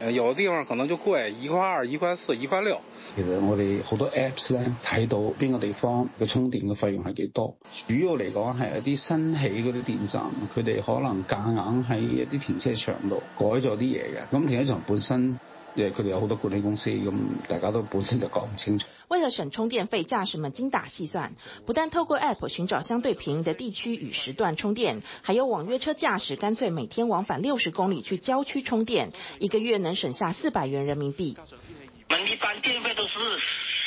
誒，有啲地方可能就貴，一塊二、一塊四、一塊六。其實我哋好多 Apps 咧睇到邊個地方嘅充電嘅費用係幾多。主要嚟講係一啲新起嗰啲電站，佢哋可能夾硬喺一啲停車場度改咗啲嘢嘅。咁停車場本身。佢哋有好多管理公司，咁大家都本身就講唔清楚。為了省充電費，駕駛們精打細算，不但透過 APP 尋找相對便宜的地區與時段充電，還有網約車駕駛，乾脆每天往返六十公里去郊區充電，一個月能省下四百元人民幣。我一般電費都是，